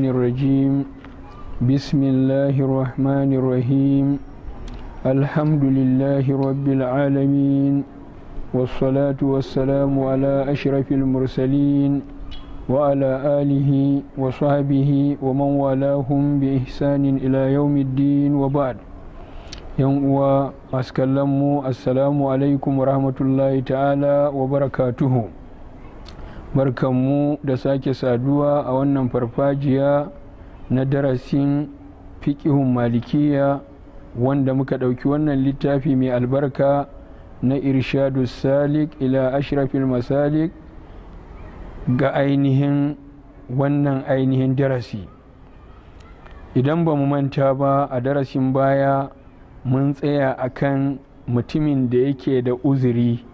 الشيطان الرجيم بسم الله الرحمن الرحيم الحمد لله رب العالمين والصلاة والسلام على أشرف المرسلين وعلى آله وصحبه ومن والاهم بإحسان إلى يوم الدين وبعد يوم أسكلم السلام عليكم ورحمة الله تعالى وبركاته barkanmu da sake saduwa a wannan farfajiya na darasin fiƙihun malikiya wanda muka ɗauki wannan littafi mai albarka na irshadu salik ila ashrafil masalik ga ainihin wannan ainihin darasi idan ba mu manta ba a darasin baya mun tsaya akan mutumin da yake da uzuri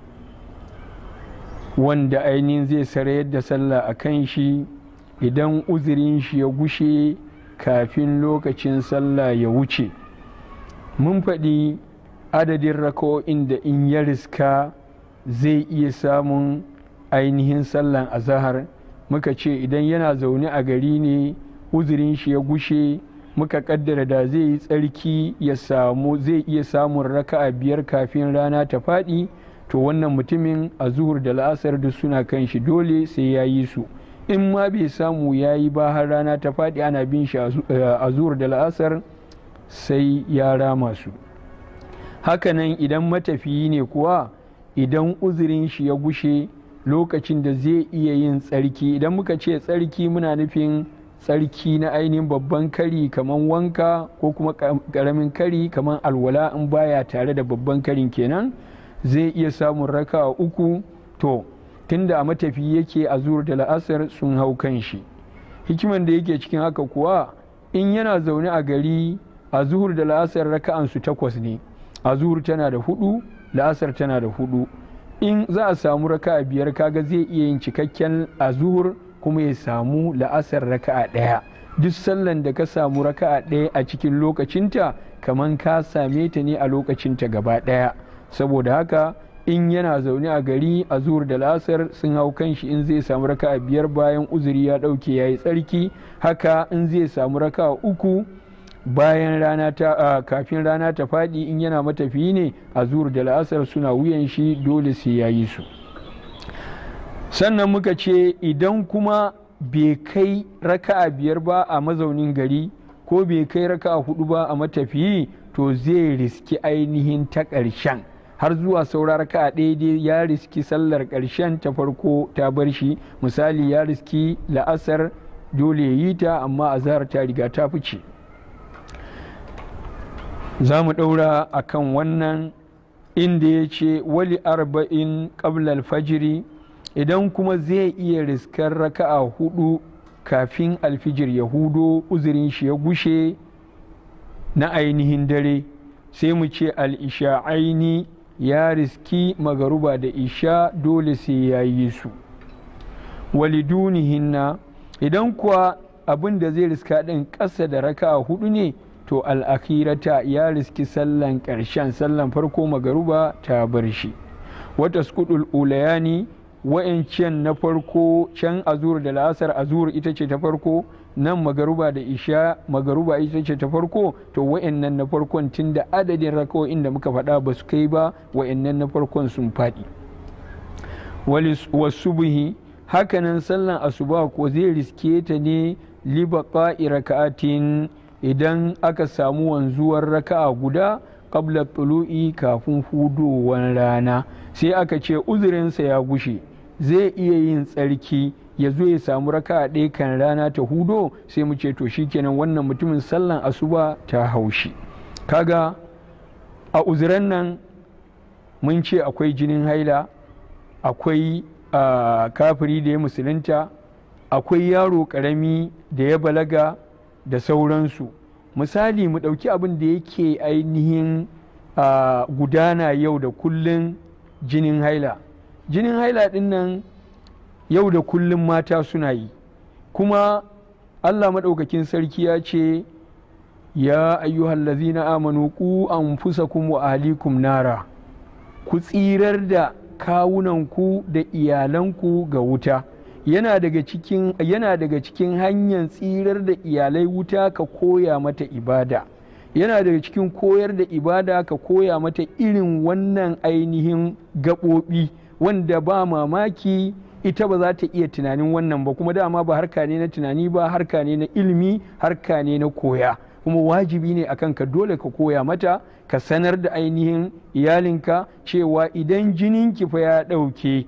wanda ainihin zai sarayar da sallah a kan shi idan uzurin shi ya gushe kafin lokacin sallah ya wuce mun faɗi adadin raka'o'in da in ya riska zai iya samun ainihin sallan azahar muka ce idan yana zaune a gari ne uzurin shi ya gushe muka kaddara da zai yi tsarki ya samu zai iya samun raka'a biyar kafin rana ta faɗi to wannan mutumin a zuhur da la'asar duk suna kan shi dole sai ya yi su in ma bai samu ya yi ba har rana ta faɗi ana bin shi a eh, zuhur da la'asar sai ya rama su hakanan idan matafiyi ne kuwa idan uzurin shi ya gushe lokacin da zai iya yin tsarki idan muka ce tsarki muna nufin tsarki na ainihin babban kari kamar wanka ko kuma karamin kari kamar alwala in baya tare da babban karin kenan zai iya samun raka uku to tunda a matafi yake a zuwa da la'asar sun hau kan shi hikiman da yake cikin haka kuwa in yana zaune a gari a zuhur da la'asar raka'ansu takwas ne a zuhur tana da hudu la'asar tana da hudu in za a samu raka a biyar kaga zai iya yin cikakken a zuhur kuma ya samu la'asar raka'a ɗaya duk sallan da ka samu raka'a ɗaya a cikin lokacinta kamar ka same ta ne a lokacinta gaba ɗaya saboda haka in yana zaune a gari a zuwar da lasar sun hau kan shi in zai samu raka a biyar bayan uzuri ya ɗauke ya yi tsarki haka in zai samu raka a uku bayan rana ta kafin rana ta faɗi in yana matafiyi ne a zuwar da la'asar suna wuyan shi dole sai ya yi su sannan muka ce idan kuma bai kai raka a biyar ba a mazaunin gari ko bai kai raka a hudu ba a matafiyi to zai riski ainihin ta ƙarshen har zuwa saura a daidai ya riski sallar ƙarshen ta farko ta bar shi misali ya riski la'asar dole ya yi ta amma azhar ta riga ta fice za mu ɗaura a kan wannan inda ya ce wali arba'in ƙablar fajiri idan kuma zai iya riskar raka'a hudu kafin alfijir ya hudo uzurin shi ya gushe na ainihin dare sai mu ce al'isha'aini ya riski magaruba da isha dole sai ya yi su walidunihinna idan kuwa abin da zai riska ɗin ƙasa da raka hudu ne to al'akirata ya riski sallan ƙarshen sallan farko magaruba ta bar shi wata skudul ulayani wa'ancan na farko can azur da la'asar azur ita ce ta farko nan magaruba da isha magaruba ita ce ta farko to wa'annan na farkon tun da adadin raka'o'in da muka faɗa ba su kai ba wa'annan na farkon sun faɗi wasubuhi hakanan sallan asuba ko zai riske ta ne libaka raka'atin idan aka samu wanzuwar raka'a guda qabla tulu'i kafin hudowar rana sai aka ce uzurinsa ya gushe zai iya yin tsarki ya zo ya samu raka a kan rana ta hudo sai mu ce to shikenan wannan mutumin sallan asuba ta haushi kaga a uzuran nan mun ce akwai jinin haila akwai kafiri da ya musulunta akwai yaro karami da ya balaga da sauransu misali mu ɗauki abin da yake ainihin gudana yau da kullun jinin haila jinin haila ɗin nan yau da kullum mata suna yi kuma allah maɗaukakin sarki ya ce ya ayyuhallazina amanu ku anfusakum wa ahlikum nara ku tsirar da kawunanku da iyalanku ga wuta yana daga cikin yana daga cikin hanyar tsirar da iyalai wuta ka koya mata ibada yana daga cikin koyar da ibada ka koya mata irin wannan ainihin gaɓoɓi wanda ba mamaki ita ba za ta iya tunanin wannan ba kuma dama ba harka ne na tunani ba harka ne na ilimi harka ne na koya kuma wajibi ne akan ka dole ka koya mata ka sanar da ainihin iyalinka cewa idan jinin ki fa ya ɗauke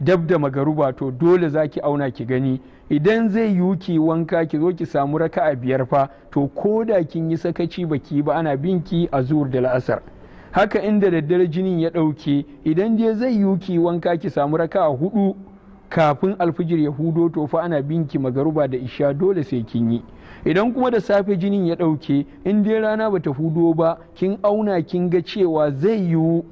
dab da magaruba to dole za ki auna ki gani idan zai yiwu ki wanka ki zo ki samu a biyar fa to ko da kin yi sakaci ba ki ba ana ki a zuwar da la'asar haka inda daddare jinin ya ɗauke idan je zai yiwu ki wanka ki samu a hudu kafin alfijir ya hudo to fa ana binki magaruba da isha dole sai kin yi idan kuma da safe jinin ya ɗauke in dai rana bata hudo ba kin auna kin ga cewa zai yiwu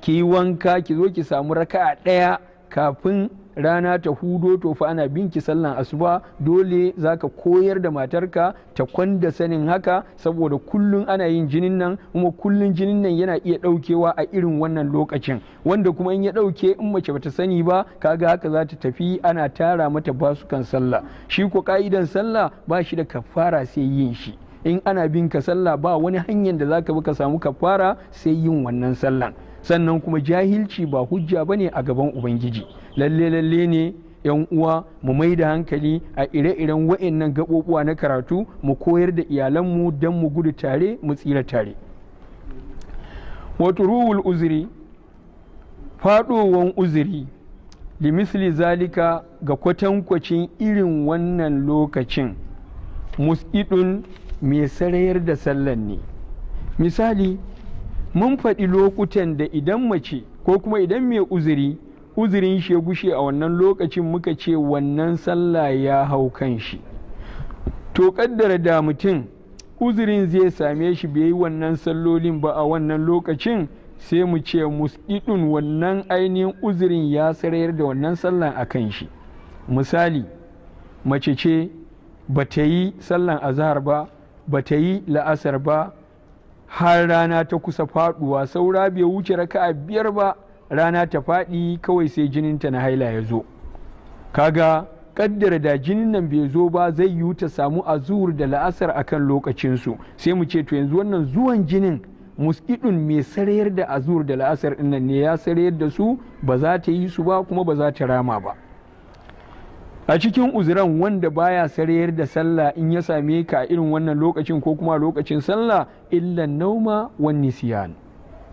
ki wanka ki zo ki samu raka'a ɗaya kafin rana ta hudo to fa ana binki sallan asuba dole zaka koyar da matarka ta kwanda sanin haka saboda kullun ana yin jinin nan kuma kullun jinin nan yana iya daukewa a irin wannan lokacin wanda kuma in ya dauke in mace bata sani ba kaga haka za ta tafi ana tara mata basukan sallah shi ko ka'idan sallah ba shi da kafara sai yin shi in ana bin ka sallah ba wani hanyar da zaka bi ka samu kafara sai yin wannan sallan sannan kuma jahilci ba hujja ba ne a gaban ubangiji lalle lalle ne yan uwa mu mai da hankali a ire-iren wa'annan gabobuwa na karatu mu koyar da iyalanmu don mu gudu tare mu tsira tare wato ruhul uzuri faɗowan uzuri limisli zalika ga kwatankwacin irin wannan lokacin mus'idun mai sarayar da sallan ne misali mun faɗi lokutan da idan mace ko kuma idan mai uzuri uzurin shi ya gushe a wannan lokacin muka ce wannan sallah ya hau kan shi to kaddara da mutum uzurin zai same shi bai yi wannan sallolin ba a wannan lokacin sai mu ce musɗiɗin wannan ainihin uzurin ya sarayar da wannan sallan a kan shi misali mace ce ba ta yi sallan azhar ba ba ta yi la'asar ba har rana ta kusa faduwa saura bai wuce raka'a biyar ba rana ta faɗi kawai sai jininta na haila ya zo kaga kaddara da jinin nan bai zo ba zai yiwu ta samu azur da la'asar a akan lokacinsu sai mu ce to yanzu wannan zuwan jinin mus'idun mai sarayar da azur da la'asar ɗin nan ne ya sarayar da su ba za ta yi su ba kuma ba za ta rama ba a cikin uzuran wanda baya sarayar da sallah in ya same ka a irin wannan lokacin ko kuma lokacin sallah illa nauma wan nisiyan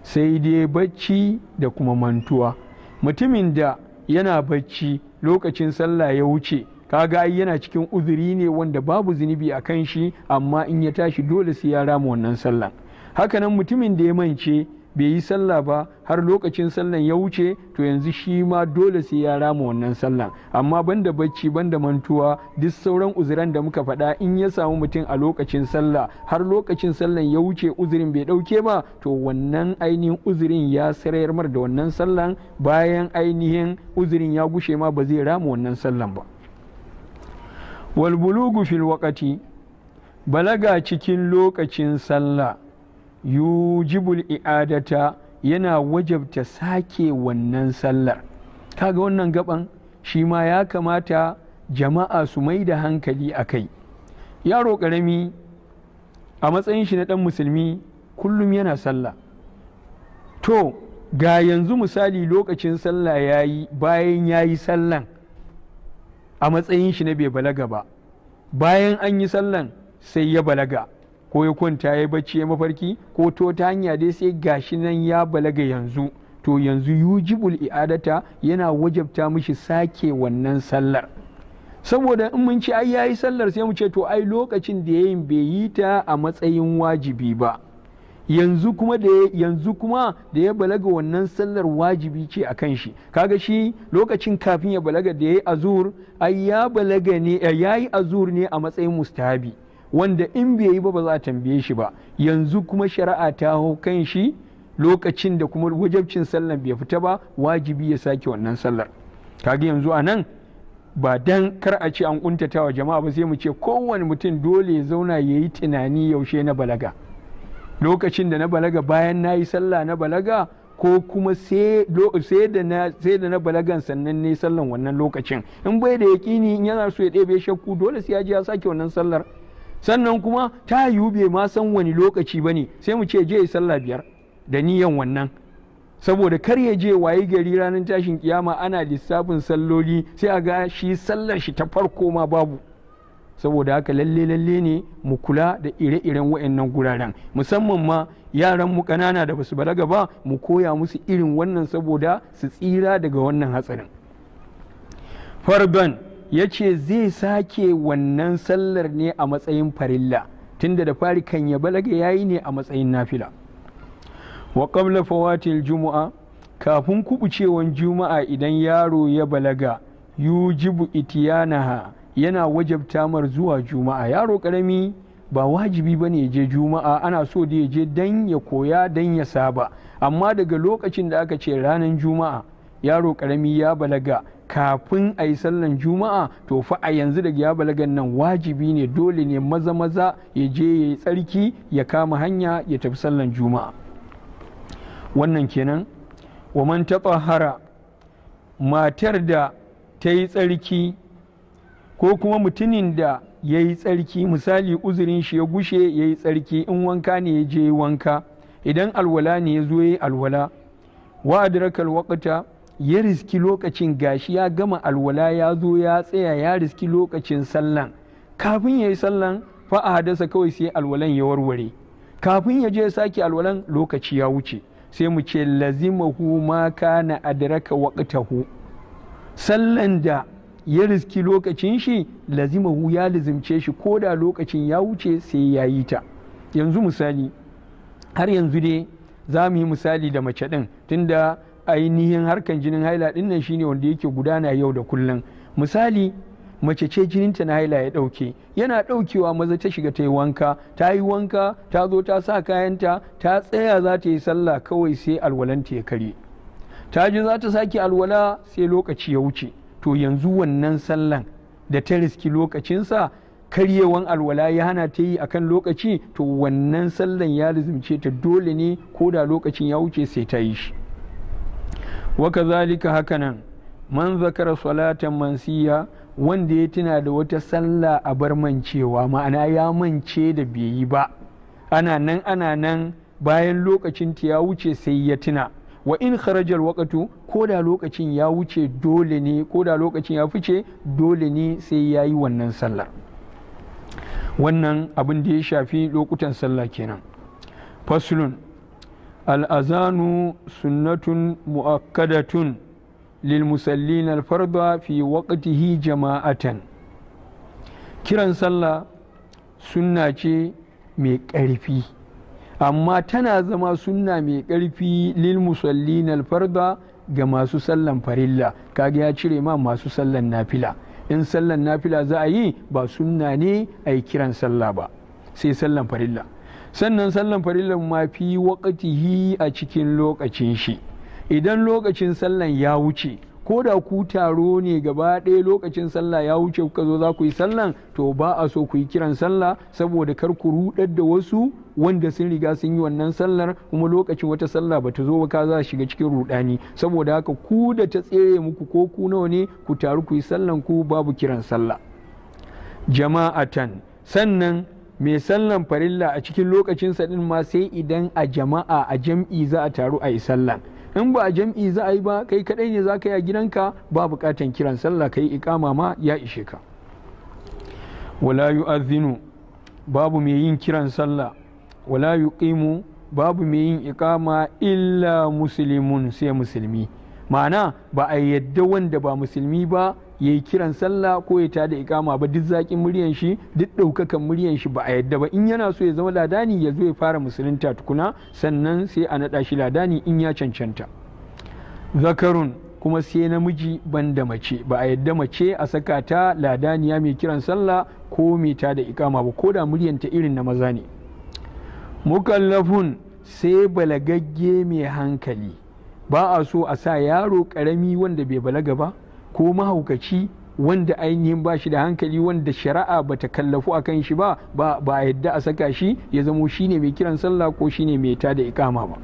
sai dai bacci da kuma mantuwa mutumin da yana bacci lokacin sallah ya wuce kaga ai yana cikin uzuri ne wanda babu zunubi a kan shi amma in ya tashi dole sai ya rama wannan sallah hakanan mutumin da ya mance bai yi sallah ba har lokacin sallan ya wuce to yanzu shi ma dole sai ya rama wannan sallan amma banda bacci banda mantuwa duk sauran uziran da muka faɗa in ya samu mutum a lokacin sallah har lokacin sallan ya wuce uzurin bai ɗauke ba to wannan ainihin uzirin ya sarayar mar da wannan sallan bayan ainihin uzirin ya gushe ma ba zai rama wannan sallan ba walbulugu fil waƙati balaga cikin lokacin sallah yujibul i'adata yana wajabta sake wannan sallar kaga wannan gaban shi ma ya kamata jama'a su mai da hankali a kai yaro ƙarami a matsayin shi na ɗan musulmi kullum yana sallah to ga yanzu misali lokacin sallah ya yi bayan ya yi sallan a matsayin shi na bai balaga ba bayan an yi sallan sai ya balaga ko ya kwanta ya bacci ya mafarki ko to ta hanya dai sai gashi nan ya balaga yanzu to yanzu yujibul i'adata yana wajabta mishi sake wannan sallar saboda in mun ce ai yayi sallar sai mu ce to ai lokacin da yayin bai yi ta a matsayin wajibi ba yanzu kuma da yanzu kuma da ya balaga wannan sallar wajibi ce a kan shi kaga shi lokacin kafin ya balaga da yayi azur ai ya balaga ne yayi azur ne a matsayin mustahabi wanda in bai yi ba ba za a tambaye shi ba yanzu kuma shari'a ta hau kan shi lokacin da kuma wajabcin sallar bai fita ba wajibi ya sake wannan sallar kaga yanzu a nan ba dan kar a ce an kuntata wa jama'a ba sai mu ce kowane mutum dole ya zauna ya yi tunani yaushe na balaga lokacin da na balaga bayan na yi sallah na balaga ko kuma sai da na balagan sannan ne sallan wannan lokacin in bai da yaƙini in yana so ya ɗebe shakku dole sai ya je ya sake wannan sallar sannan kuma ta yiwu bai ma san wani lokaci ba ne sai mu ce je sallah biyar da niyan wannan saboda kar ya je waye gari ranar tashin kiyama ana lissafin salloli sai a ga shi sallar shi ta farko ma babu saboda haka lalle lalle ne mu kula da ire-iren wa'annan guraren musamman ma yaran mu kanana da basu balaga ba mu koya musu irin wannan saboda su tsira daga wannan hatsarin farban ya ce zai sake wannan sallar ne a matsayin farilla tunda da fari kan ya balaga ya yi ne a matsayin nafila wa qabla fawatil juma'a kafin kubucewan juma'a idan yaro ya balaga yujibu itiyanaha yana wajabta mar zuwa juma'a yaro karami ba wajibi ba ne je juma'a ana so da ya je dan ya koya dan ya saba amma daga lokacin da aka ce ranar juma'a yaro karami ya balaga kafin a yi sallan juma'a to fa a yanzu da ya balagan nan wajibi ne dole ne maza maza ya je ya yi tsarki ya kama hanya ya tafi sallan juma'a wannan kenan wa man hara matar da ta yi tsarki ko kuma mutumin da ya yi tsarki misali uzurin shi ya gushe ya yi tsarki in wanka ne ya je wanka idan alwala ne ya zo ya yi alwala wa adrakal waqta ya riski lokacin gashi ya gama alwala ya zo ya tsaya ya riski lokacin sallan kafin ya yi sallan fa a hadasa kawai sai alwalan ya warware kafin ya je ya sake alwalan lokaci ya wuce sai mu ce lazimahu ma kana adraka waqtahu sallan da ya riski lokacin shi lazimahu ya lizimce shi ko da lokacin ya wuce sai ya yi ta yanzu misali har yanzu dai za mu yi misali da mace din tunda ainihin harkan jinin haila din nan shine wanda yake gudana yau da kullum misali mace ce jininta na haila ya ɗauke yana ɗaukewa maza ta shiga ta yi wanka ta yi wanka ta zo ta sa kayanta ta tsaya za ta yi sallah kawai sai alwalanta ya kare ta ji za ta sake alwala sai lokaci ya wuce to yanzu wannan sallan da ta riski lokacinsa karyewan alwala ya hana ta yi akan lokaci to wannan sallan ya lizimce ta dole ne ko da lokacin ya wuce sai ta yi shi waka zalika hakanan man zakara salatan mansiya wanda ya tuna da wata sallah a bar mancewa ma'ana ya mance da bai yi ba ana nan ana nan bayan lokacin ta ya wuce sai ya tuna wa in kharajar wakatu ko da lokacin ya wuce dole ne ko da lokacin ya fice dole ne sai ya yi wannan sallar wannan abin da ya shafi lokutan sallah kenan fasulun. الأذان سنة مؤكدة للمسلين الفرض في وقته جماعة كيران صلى سنة mai ƙarfi amma tana zama sunna mai ƙarfi lil musallin alfarda ga masu sallan farilla kaga ya cire ma masu sallan nafila in sallan nafila za a yi ba sunna ne a yi kiran sallah ba sai sallan farilla sannan sallan farillan ma fi waƙatihi a cikin lokacin shi idan lokacin sallan ya wuce ko da ku taro ne gaba ɗaya lokacin sallah ya wuce kuka zo za ku yi sallan to ba a so ku yi kiran sallah saboda kar ku rudar da wasu wanda sun riga sun yi wannan sallar kuma lokacin wata sallah ta zo ba ka za shiga cikin rudani saboda haka ku da ta tsere muku ko ku nawa ne ku taru ku yi sallan ku babu kiran sallah jama'atan sannan mai sallan farilla a cikin lokacinsa din ma sai idan a jama'a a jam'i za a taru a yi sallah in ba a jam'i za a yi ba kai kadai ne za ka yi a gidanka ba bukatan kiran sallah ka yi ikama ma ya ishe ka wala yu'adhinu babu mai yin kiran sallah wala yuqimu babu mai yin ikama illa muslimun sai musulmi ma'ana ba a yadda wanda ba musulmi ba ya yi kiran sallah ko ya tada ikama ba duk zaƙin muryan shi duk ɗaukakan muryan shi ba a yadda ba in yana so ya zama ladani ya zo ya fara musulunta tukuna sannan sai a naɗa shi ladani in ya cancanta zakarun kuma sai namiji ban da mace ba a yadda mace a saka ta ladaniya mai kiran sallah ko mai tada ikama ba ko da muryanta irin na maza ne mukallafun sai balagagge mai hankali ba a so a sa yaro ƙarami wanda bai balaga ba ko mahaukaci wanda ainihin ba shi da hankali wanda shari'a ba ta kallafu a kan shi ba ba a yadda a saka shi ya zamo shi ne mai kiran sallah ko shi ne mai ta da ikama ba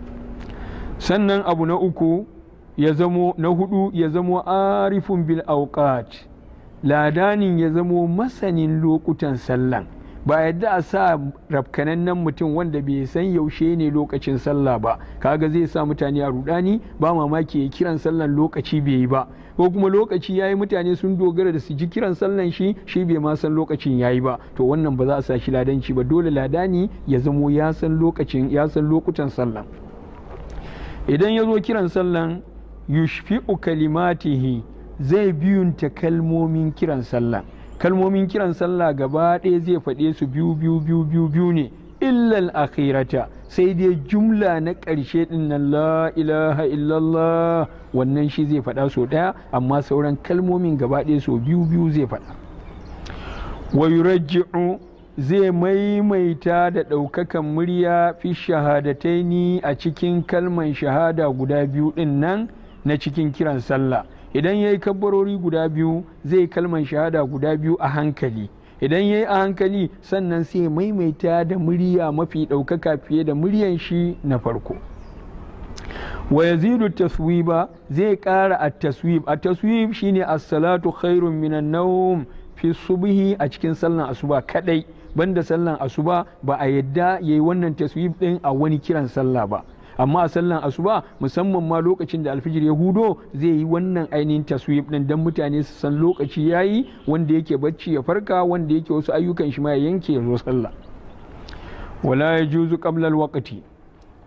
sannan abu na uku ya zamo na hudu ya zamo arifun bil auqat ladanin ya zamo masanin lokutan sallan ba yadda a sa rafkanannen mutum wanda bai san yaushe ne lokacin sallah ba kaga zai sa mutane a rudani ba mamaki ya kiran sallan lokaci bai yi ba ko kuma lokaci ya yi mutane sun dogara da su ji kiran sallan shi shi bai ma san lokacin ya yi ba to wannan ba za a sa shi ladanci ba dole ladani ya zamo ya san lokacin ya san lokutan sallan idan ya zo kiran sallan yushfi'u kalimatihi zai biyunta kalmomin kiran sallan kalmomin kiran sallah gaba ɗaya zai faɗe su biyu biyu biyu biyu biyu ne illal akhirata sai dai jumla na ƙarshe din nan la ilaha illallah wannan shi zai faɗa sau ɗaya amma sauran kalmomin gaba ɗaya sau biyu biyu zai faɗa wa zai maimaita da ɗaukakan murya fi shahadataini a cikin kalman shahada guda biyu ɗin nan na cikin kiran sallah idan ya yi kabbarori guda biyu zai kalman shahada guda biyu a hankali idan ya yi a hankali sannan sai maimaita da murya mafi ɗaukaka fiye da muryan shi na farko wa yazidu taswiba zai ƙara a taswib a taswib shine as-salatu khairun minan nawm fi subhi a cikin sallan asuba kadai banda sallan asuba ba a yadda yayi wannan taswib din a wani kiran sallah ba amma a sallan asuba musamman ma lokacin da alfijir ya hudo zai yi wannan ainihin taswib din dan mutane su san lokaci yayi wanda yake bacci ya farka wanda yake wasu ayyukan shi ma ya yanke ya zo sallah wala yajuzu qabla alwaqti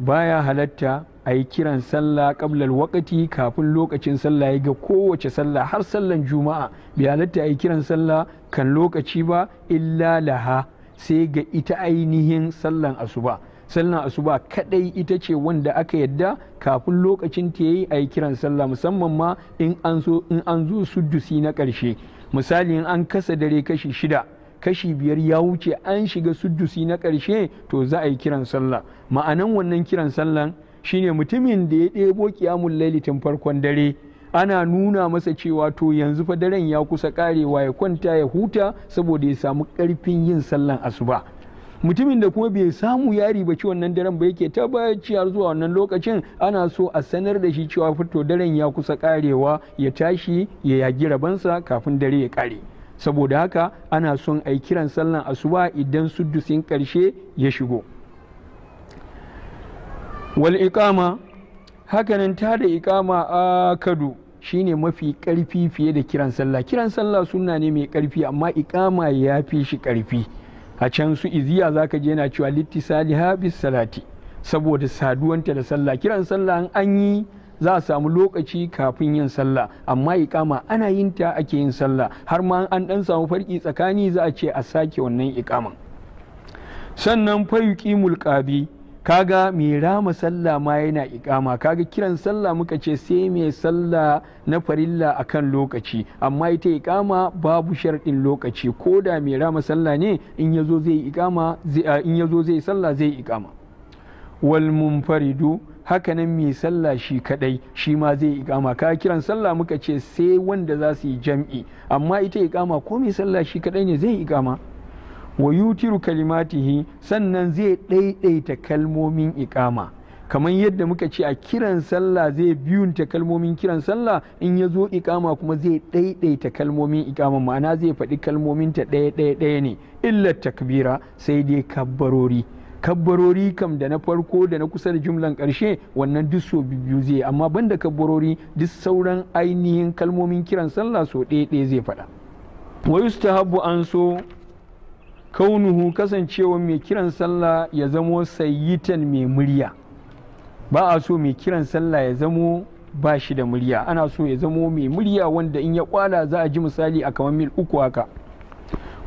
baya halatta a kiran sallah qabla wakati kafin lokacin sallah ya ga kowace sallah har sallan juma'a bai halatta a kiran sallah kan lokaci ba illa laha sai ga ita ainihin sallan asuba sallan asuba kadai ita ce wanda aka yadda kafin lokacin ta yi a yi kiran sallah musamman ma in an zo in an zo suddusi na ƙarshe misali in an kasa dare kashi shida kashi biyar ya wuce an shiga suddusi na ƙarshe to za a yi kiran sallah ma'anan wannan kiran sallan shine mutumin da ya ɗebo kiyamun lailitin farkon dare ana nuna masa cewa to yanzu fa daren ya kusa karewa ya kwanta ya huta saboda ya samu ƙarfin yin sallan asuba mutumin da kuma bai samu yari ba ci wannan daren ba yake ta har zuwa wannan lokacin ana so a sanar da shi cewa fito daren ya kusa karewa ya tashi ya yagi rabansa kafin dare ya kare saboda haka ana son a yi kiran sallan asuba idan suddusin karshe ya shigo wal iqama hakanan ta da iqama a kadu shine mafi karfi fiye da kiran sallah kiran sallah sunna ne mai karfi amma iqama ya fi shi karfi a can su iziya zaka je yana cewa saliha bis salati saboda saduwanta da sallah kiran sallah an yi za a samu lokaci kafin yin sallah amma ikama ana yin ta ake yin sallah har ma an dan samu farki tsakani za a ce a sake wannan ikaman sannan fayuqimul mulƙabi. kaga mai rama sallah ma yana ikama kaga kiran sallah muka ce sai mai sallah na farilla akan lokaci amma ita ikama babu sharɗin lokaci ko da mai rama sallah ne in yazo zai ikama ah, in yazo zai sallah zai ikama wal munfaridu hakanan mai sallah shi kadai shi ma zai ikama ka kiran sallah muka ce sai wanda za su yi jam'i amma ita ikama ko mai sallah shi kadai ne zai ikama wa yutiru kalimatihi sannan zai ɗaiɗaita kalmomin iƙama kamar yadda muka ce a kiran sallah zai biyunta kalmomin kiran sallah in ya zo ikama kuma zai ɗaiɗaita kalmomin ikama ma'ana zai faɗi kalmominta ɗaya ɗaya ɗaya ne illar takbira sai dai kabbarori kabbarori kam da na farko da na kusa da jumlan ƙarshe wannan duk so biyu zai amma banda kabbarori duk sauran ainihin kalmomin kiran sallah so ɗaya ɗaya zai faɗa wa yustahabbu an so kaunuhu kasancewa mai kiran sallah ya zamo sayyitan mai murya ba a so mai kiran sallah ya zamo ba shi da murya ana so ya zamo mai murya wanda in ya kwala za a ji misali a kamar mil uku haka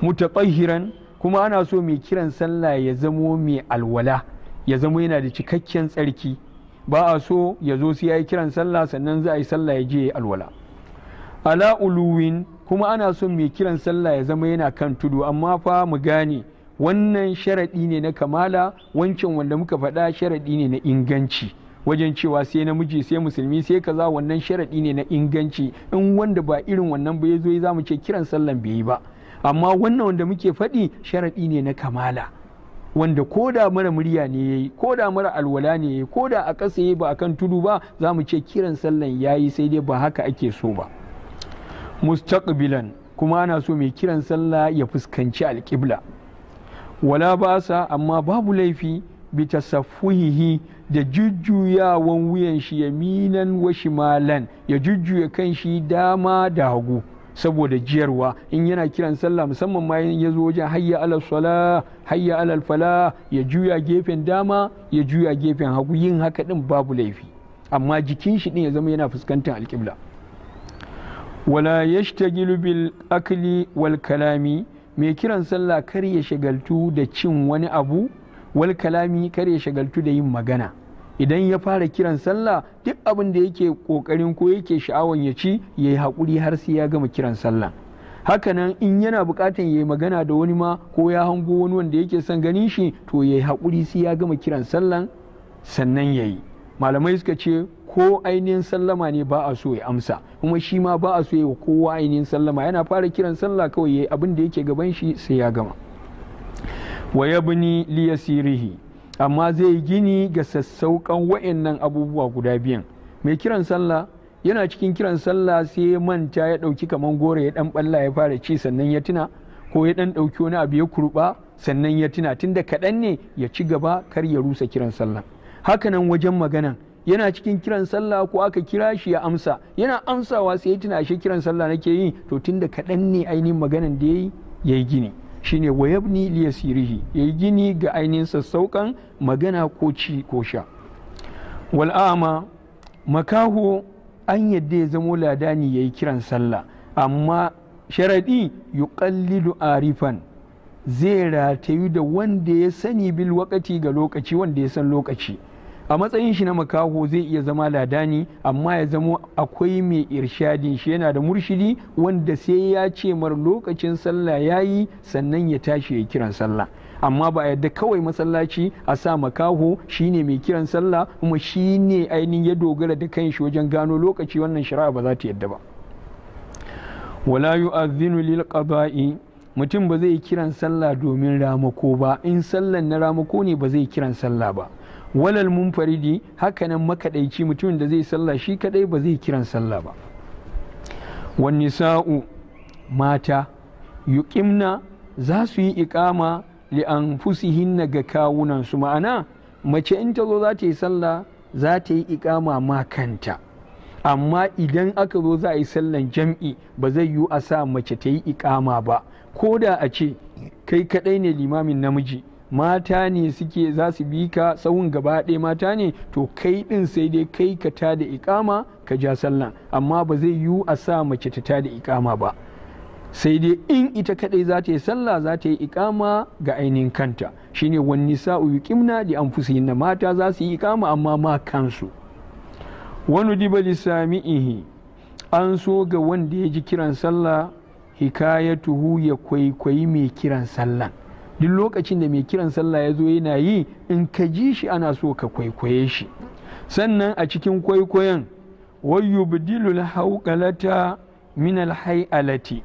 mutaqahiran kuma ana so mai kiran sallah ya zamo mai alwala ya zamo yana da cikakken tsarki ba a so ya zo sai ya yi kiran sallah sannan za a yi sallah ya je alwala ala uluwin kuma ana son mai kiran sallah ya zama yana kan tudu amma fa mu gane wannan sharaɗi ne na kamala wancan wanda muka faɗa sharaɗi ne na inganci wajen cewa sai namiji sai musulmi sai kaza wannan sharaɗi ne na inganci in wanda ba irin wannan ba ya zo za mu ce kiran sallan bai yi ba amma wannan wanda muke faɗi sharaɗi ne na kamala wanda ko da mara murya ne ya yi ko da mara alwala ne ya yi ko da a ƙasa yi ba a kan tudu ba za mu ce kiran sallan yi sai dai ba haka ake so ba mustaqbilan kuma ana so mai kiran sallah ya fuskanci alƙibla wala ba sa amma babu laifi bi tasaffuhihi da jujjuyawan wuyan shi yaminan wa shimalan ya jujjuya kan shi dama da hagu saboda jiyarwa in yana kiran sallah musamman ma ya zo wajen hayya alal sala hayya alal fala ya juya gefen dama ya juya gefen hagu yin haka din babu laifi amma jikin shi din ya zama yana fuskantar alƙibla wala yashtagilu bil akli wal kalami mai kiran sallah kar ya shagaltu da cin wani abu wal kalami kar ya shagaltu da yin magana idan ya fara kiran sallah duk abin da yake kokarin ko yake sha'awan ya ci ya yi haƙuri har sai ya gama kiran sallah hakanan in yana bukatan ya yi magana da wani ma ko ya hango wani wanda yake son ganin shi to ya yi haƙuri sai ya gama kiran sallah sannan ya yi malamai suka ce ko ainihin sallama ne ba a so ya amsa kuma shi ma ba a so ya kowa ainihin sallama yana fara kiran sallah kawai ya abin da yake gaban shi sai ya gama wa yabni liya sirihi amma zai gini ga sassauƙan wa'annan abubuwa guda biyan mai kiran sallah yana cikin kiran sallah sai ya manta ya ɗauki kamar goro ya ɗan ɓalla ya fara ci sannan ya tuna ko ya ɗan ɗauki wani abu ya kurɓa sannan ya tuna tunda kaɗan ne ya ci gaba kar ya rusa kiran sallah hakanan wajen maganan yana cikin kiran sallah ko aka kira shi ya amsa yana amsawa sai ya tuna shi kiran sallah nake yi to tunda kaɗan ne ainihin maganan da yayi yayi gini shine wayabni liyasirihi yayi gini ga ainihin sassauƙan magana ko ci ko sha wal'ama makaho an yadda ya zamo ladani yayi kiran sallah amma sharaɗi yuqallidu arifan zai ratayu da wanda ya sani bil wakati ga lokaci wanda ya san lokaci a matsayin shi na makaho zai iya zama ladani amma ya zama akwai mai irshadin shi yana da murshidi wanda sai ya ce mar lokacin sallah ya yi sannan ya tashi ya kiran sallah amma ba a yadda kawai masallaci a sa makaho shine mai kiran sallah kuma shine ainihin ya dogara da kanshi wajen gano lokaci wannan shari'a ba za ta yadda ba wala yu'adhdhinu lil qada'i mutum ba zai kiran sallah domin ramako ba in sallan na ramako ne ba zai kiran sallah ba walal munfaridi hakanan makadaici mutum da zai sallah shi kadai ba zai kiran sallah ba wan nisa'u mata yuqimna za su yi iqama li anfusihinna ga kawunan su ma'ana mace in ta zo za ta yi sallah za ta yi iqama ma kanta amma idan aka zo za a yi sallan jam'i ba zai yiwu a sa mace ta yi iqama ba ko da a ce kai kadai ne limamin namiji mata ne suke za su bi ka tsawon gaba ɗaya mata ne to kai ɗin sai dai kai ka ta da ikama ka ja sallah amma ba zai yiwu a sa mace ta ta da ikama ba sai dai in ita kaɗai za ta yi sallah za ta yi ikama ga ainihin kanta shine wani sa'u an li yin mata za su yi ikama amma ma kansu wani sami ihi an so ga wanda ya ji kiran sallah hikayatuhu ya kwaikwayi mai kiran sallah duk lokacin da mai kiran sallah ya zo yana yi in ka ji shi ana so ka kwaikwaye shi sannan a cikin kwaikwayon wayubdilul hauƙalata min hai'alati,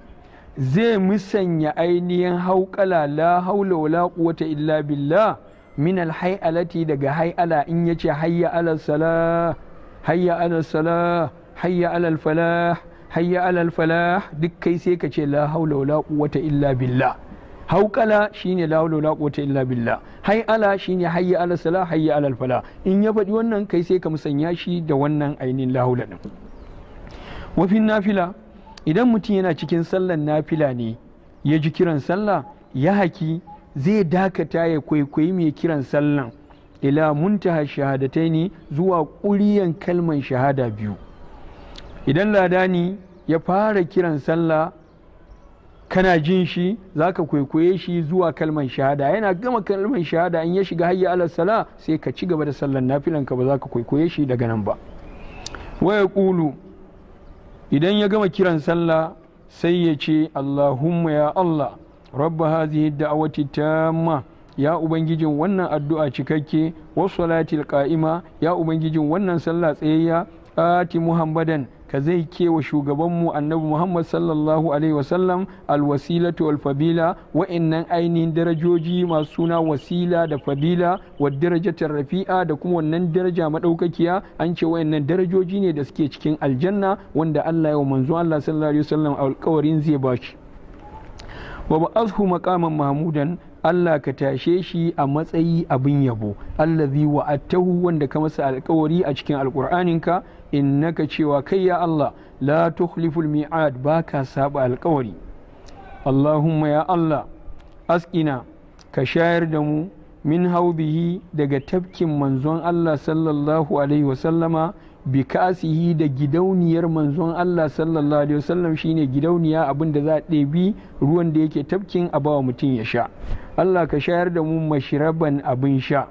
zai musanya ainihin hauƙala la haula wala quwwata illa billah min hai'alati daga hai'ala in yace hayya ala salah hayya ala salah hayya ala falah hayya ala falah duk kai sai ka ce la haula wala quwwata illa billah hauƙala shine la haula la quwwata illa billah hay'ala shine hayya ala sala hayya ala fala in ya faɗi wannan kai sai ka musanya shi da wannan ainihin la haula din wafin nafila idan mutum yana cikin sallar nafila ne ya ji kiran sallah ya haki zai dakata ya kwaikwayi mai kiran sallan ila muntaha shahadatai ne zuwa ƙuriyan kalman shahada biyu idan ladani ya fara kiran sallah kana jin shi za ka kwaikwaye shi zuwa kalmar shahada yana gama kalmar shahada in ya shiga hayya ala sala sai ka ci gaba da sallar nafilan ka ba za ka kwaikwaye shi daga nan ba waya kulu idan ya gama kiran sallah sai ya ce allahumma ya allah rabba hazihi da'awati tamma ya ubangijin wannan addu'a cikakke wasu salatil qa'ima ya ubangijin wannan sallah tsayayya ati muhammadan ka zai kewa shugabanmu annabi muhammad sallallahu alaihi wasallam alwasilatu alfabila fabila wa'annan ainihin darajoji masu suna wasila da fabila wa darajatar rafi'a da kuma wannan daraja madaukakiya an ce wa'annan darajoji ne da suke cikin aljanna wanda Allah ya wa manzo Allah sallallahu alaihi wasallam alƙawarin zai bashi wa ba'athu maqaman mahmudan Allah ka tashe shi a matsayi abin yabo allazi wa'attahu wanda ka masa alkawari a cikin alkur'aninka innaka cewa kai ya Allah la tukhliful mi'ad baka saba alkawari Allahumma ya Allah askina ka shayar da mu min haubihi daga tafkin manzon Allah sallallahu alaihi wasallama bi kasihi da gidauniyar manzon Allah sallallahu alaihi wasallam shine gidauniya abin da za a ɗebi ruwan da yake tafkin a bawa mutum ya sha Allah ka shayar da mu mashiraban abin sha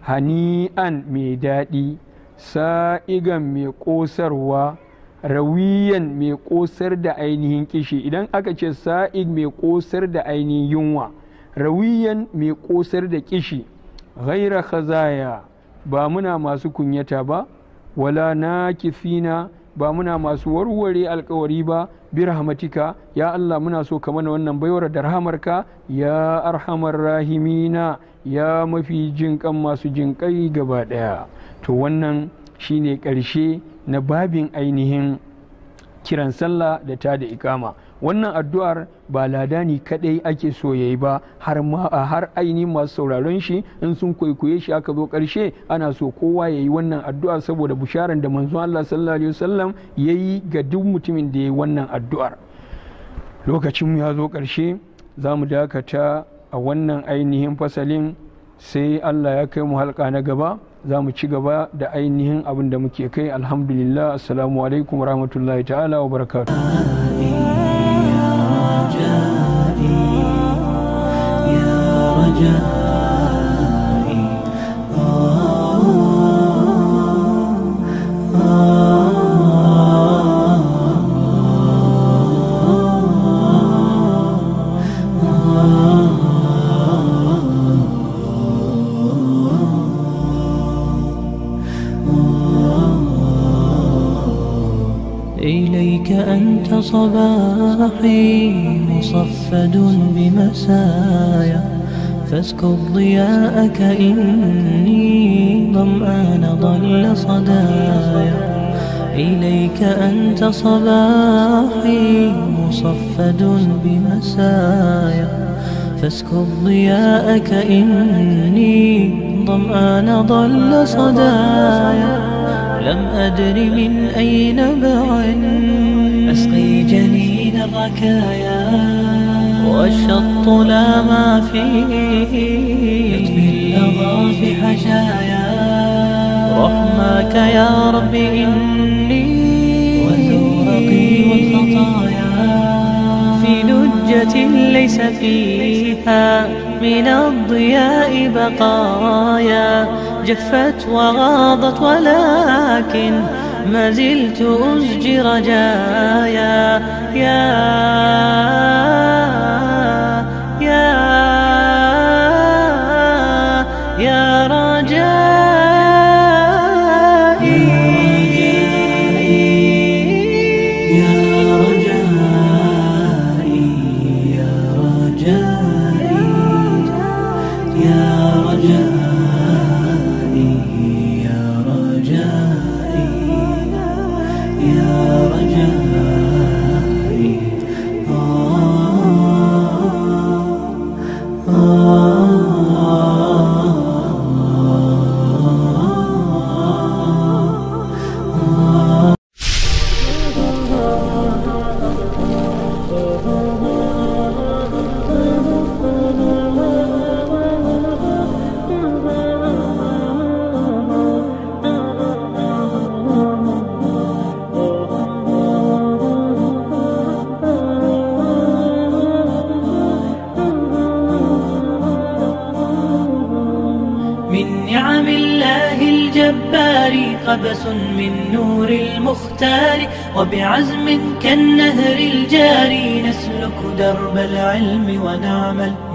hani'an mai daɗi sa'igan mai ƙosarwa rawiyan mai ƙosar da ainihin kishi idan aka ce sa'ig mai ƙosar da ainihin yunwa rawiyan mai ƙosar da kishi ghaira khazaya ba muna masu kunyata ba wala na kifina ba muna masu warware alkawari ba bi rahmatika ya Allah muna so ka mana wannan baiwar da rahamarka ya arhamar rahimina ya mafi jinƙan masu jinƙai gaba ɗaya to wannan shine ƙarshe na babin ainihin kiran sallah da ta da ikama wannan addu'ar ba lada ne kadai ake so yayi ba har har aini masu sauraron shi in sun kwaikwaye shi aka zo karshe ana so kowa ya yi wannan addu'a saboda bisharar da manzon Allah sallallahu alaihi wasallam yayi ga duk mutumin da ya yi wannan addu'ar lokacin ya zo karshe za mu dakata a wannan ainihin fasalin sai Allah ya kai mu halka na gaba za mu ci gaba da ainihin abin da muke kai alhamdulillah assalamu alaikum rahmatullahi ta'ala wa barakatuh آه. إليك أنت صباحي مصفد بمسايا فاسكب ضياءك إني ظمآن ضل صدايا إليك أنت صباحي مصفد بمسايا فاسكب ضياءك إني ظمآن ضل صدايا لم أدر من أين بعد أسقي جنين الركايا والشط لا ما فيه يطفي اللظى في حشايا رحمك يا رب إني وزورقي والخطايا في لجة ليس فيها من الضياء بقايا جفت وغاضت ولكن ما زلت أزجي رجايا يا يا يا رجايا درب العلم ونعمل